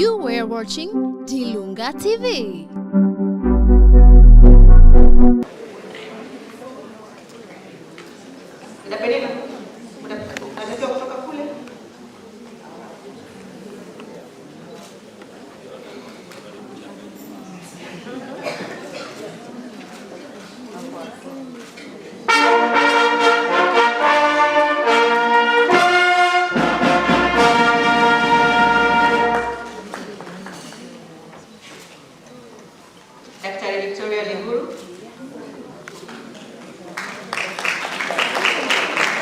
You were watching Dilunga TV. Daktari Victoria Liguru.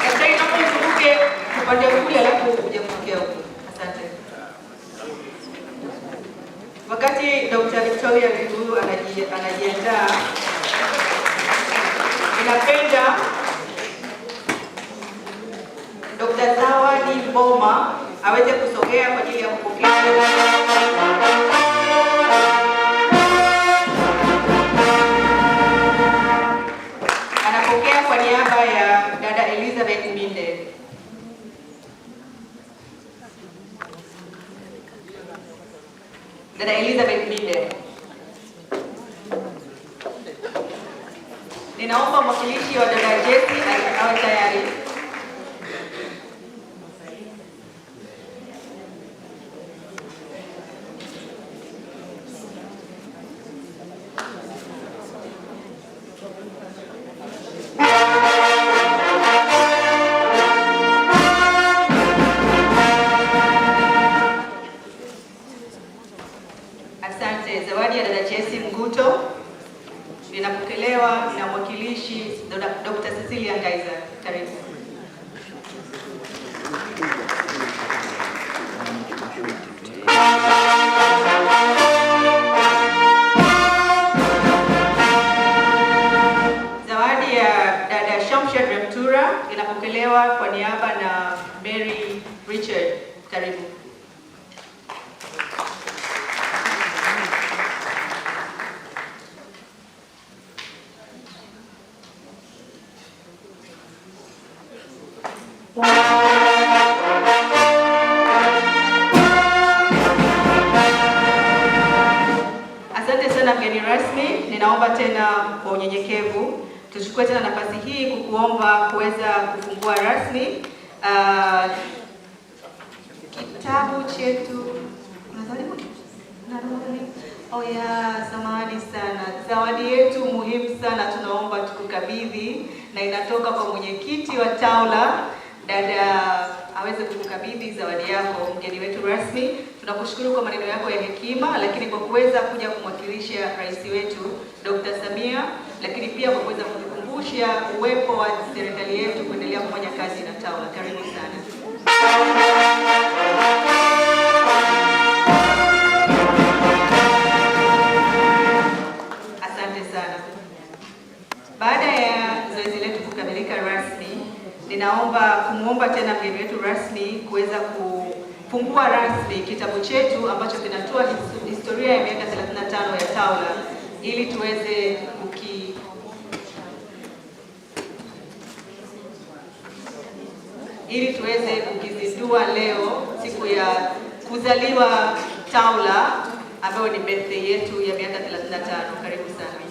Daktari naomba uzunguke upande kule alafu uje kuongea huko. Asante. Wakati Daktari Victoria Liguru anajiandaa, inapenda Dr. Zawadi Mboma aweze kusogea kwa ajili ya kupokea Dada Elizabeth Bide. Ninaomba mwakilishi wa dada Jesi awe tayari. Jesse Mguto linapokelewa na mwakilishi Dr. Cecilia Ngaiza. Karibu. Zawadi ya dada Shamsha Remtura inapokelewa kwa niaba na Mary Richard. Karibu. Asante sana mgeni rasmi, ninaomba tena kwa unyenyekevu tuchukue tena nafasi hii kukuomba kuweza kufungua rasmi uh, kitabu chetu Oh ya samahani sana, zawadi yetu muhimu sana tunaomba tukukabidhi, na inatoka kwa mwenyekiti wa TAWLA dada aweze kukukabidhi zawadi yako, mgeni wetu rasmi. Tunakushukuru kwa maneno yako ya hekima, lakini kwa kuweza kuja kumwakilisha rais wetu Dr. Samia, lakini pia kwa kuweza kutukumbusha uwepo wa serikali yetu kuendelea kufanya kazi na TAWLA. Karibu sana. Asante sana. Baada ya zoezi letu kukamilika rasmi ninaomba kumwomba tena mgeni wetu rasmi kuweza kufungua rasmi kitabu chetu ambacho kinatoa historia ya miaka 35 ya TAWLA ili tuweze kuki ili tuweze kukizindua leo siku ya kuzaliwa TAWLA ambayo ni birthday yetu ya miaka 35. Karibu sana.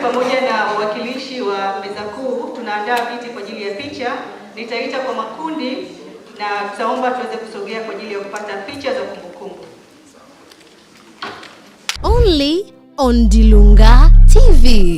pamoja na wawakilishi wa meza kuu tunaandaa viti kwa ajili ya picha. Nitaita kwa makundi na tutaomba tuweze kusogea kwa ajili ya kupata picha za kumbukumbu. Only on Dilunga TV.